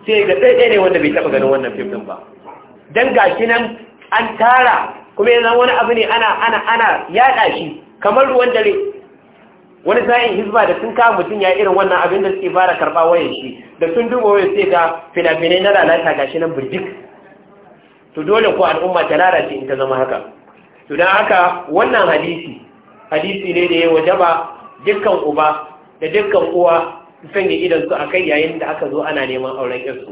sai ga ɗaiɗai ne wanda bai taɓa ganin wannan fim ɗin ba don gashi nan an tara kuma yanzu wani abu ne ana ana ana yada shi kamar ruwan dare wani sa'in hizba da sun kawo mutum ya irin wannan abin da suke fara karba wayar shi da sun duba wayar sai ga fina-finai na lalata gashi nan burjik to dole ko al'umma ta lalace in ta zama haka to don haka wannan hadisi hadisi ne da ya wajaba dukkan uba da dukkan uwa su sanya idan su akai yayin da aka zo ana neman auren yarsu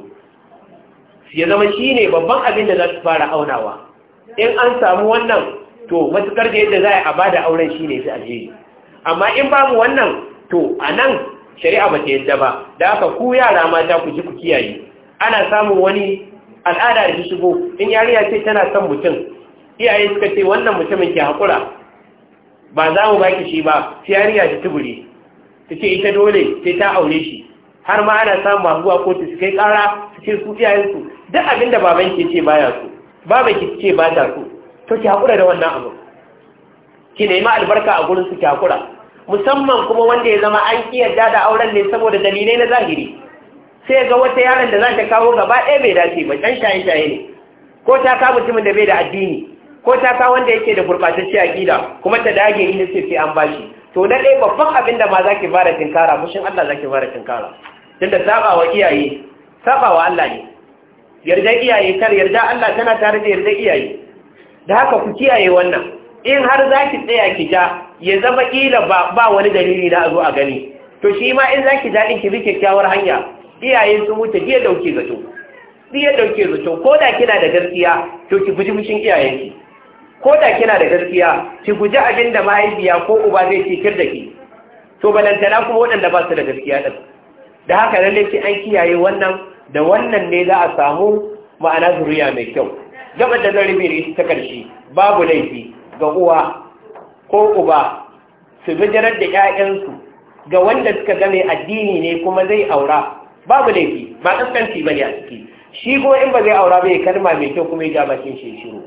ya zama shi ne babban abin da za su fara aunawa in an samu wannan to matukar da yadda za a da auren shi ne su alheri amma in babu wannan to a nan shari'a ba ta yadda ba da aka ku yara mata ku ji ku kiyaye ana samun wani al'ada da shigo in yariya ce tana son mutum iyaye suka ce wannan mutumin ke haƙura ba za mu baki shi ba sai yariya ta tuburi ta ce ita dole sai ta aure shi har ma ana samun masu ko kotu su kai ƙara su ce su iyayensu duk abinda da baban ke ce baya su ba mai ki ce ba ta so to ki haƙura da wannan abu ki nemi albarka a gurin su ki hakura musamman kuma wanda ya zama an ki yarda da auren ne saboda dalilai na zahiri sai ga wata yaron da za ta kawo gaba ɗaya bai dace ba ɗan shaye shaye ne ko ta kawo mutumin da bai da addini ko ta kawo wanda yake da gurɓatacce gida kuma ta dage ni sai sai an bashi to na ɗaya babban abin da ma za ki fara tinkara mushin Allah za ki fara tinkara tunda sabawa iyaye sabawa Allah ne yarda iyaye kar yarda Allah tana tare da yarda iyaye da haka ku kiyaye wannan in har zaki tsaya ki ja ya zama kila ba ba wani dalili na zo a gani to shi ma in zaki ki ja ki bi kyakkyawar hanya iyaye su wuce ki dauke zato ki dauke zato ko kina da gaskiya to ki guji mushin iyayenki ko da kina da gaskiya ki guji abinda mahaifiya ko uba zai cikar da ki to balantana kuma waɗanda ba su da gaskiya din da haka lalle ki an kiyaye wannan da wannan ne za a samu ma'ana zuriya mai kyau gaba da zan rufe ta ƙarshe, babu laifi ga uwa ko uba su bijirar da 'ya'yansu ga wanda suka gane addini ne kuma zai aura babu laifi ba ba ne a ciki shi kuma in ba zai aura bai kalma mai kyau kuma ya ja bakin shi shiru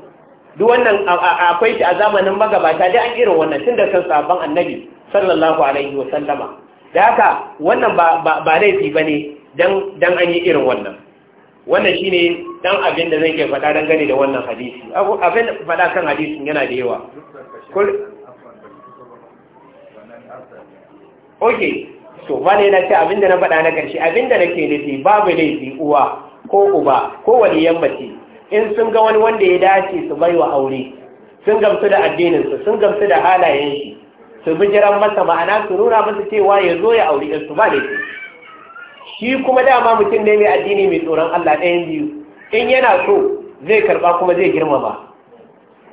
duk wannan akwai shi a zamanin magabata da an irin wannan tun da san sabon annabi sallallahu alaihi wa sallama da haka wannan ba laifi ba ne. dan an yi irin wannan wannan shine dan abin da zan ke faɗa dan gane da wannan hadisi abin faɗa kan hadisin yana da yawa okay so bane na ce abin da na faɗa na ƙarshe abin da nake nufi babu laifi uwa ko uba ko wani yammaci in sun ga wani wanda ya dace su bai wa aure sun gamsu da addininsu sun gamsu da halayen shi su bi jiran masa ma'ana su nuna masa cewa ya zo ya aure su ba laifi shi kuma dama mutum ne mai addini mai tsoron Allah ɗayan biyu in yana so zai karɓa kuma zai girmama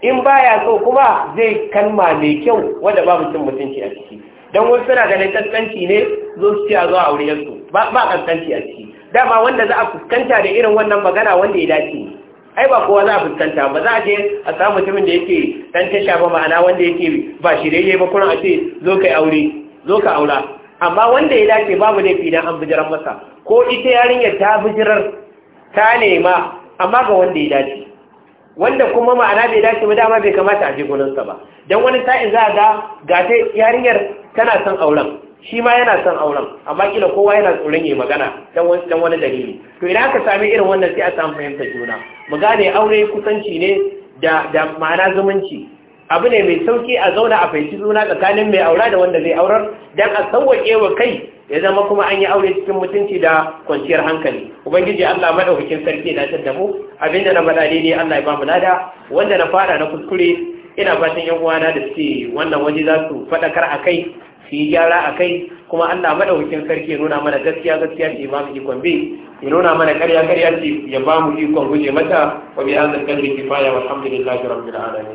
in baya so kuma zai kalma mai kyau wanda ba mutum mutunci a ciki don wasu suna ganin kaskanci ne zo su a zuwa auriyarsu ba kaskanci a ciki dama wanda za a fuskanta da irin wannan magana wanda ya dace ai ba kowa za a fuskanta ba za a je a samu mutumin da yake ɗan tasha ba ma'ana wanda yake ba shirye ba kuma a ce zo kai aure zo ka aura amma wanda ya dace babu laifi idan an bijiran masa ko ita yarinyar ta bijirar ta nema amma ga wanda ya dace wanda kuma ma'ana bai dace ba dama bai kamata a je gurinsa ba don wani sa'in za a ga ga yarinyar tana son auren shi ma yana son auren amma kila kowa yana tsoron yi magana don wani dalili to idan aka sami irin wannan sai a samu fahimtar juna mu gane aure kusanci ne da ma'ana zumunci abu ne mai sauki a zauna a fahimci juna tsakanin mai aura da wanda zai aurar don a sauwake wa kai ya zama kuma an yi aure cikin mutunci da kwanciyar hankali ubangiji Allah maɗaukakin sarki na tanda mu abinda na faɗa ne Allah ya ba mu lada wanda na fara na kuskure ina fatan yan uwana da suke wannan waje za su faɗakar a kai su yi gyara a kai kuma Allah maɗaukakin sarki nuna mana gaskiya gaskiya ce ba mu ikon bi ya nuna mana ƙarya ƙarya ce ya ba mu ikon guje mata wa bi an zargar qadri kifaya walhamdulillahi rabbil alamin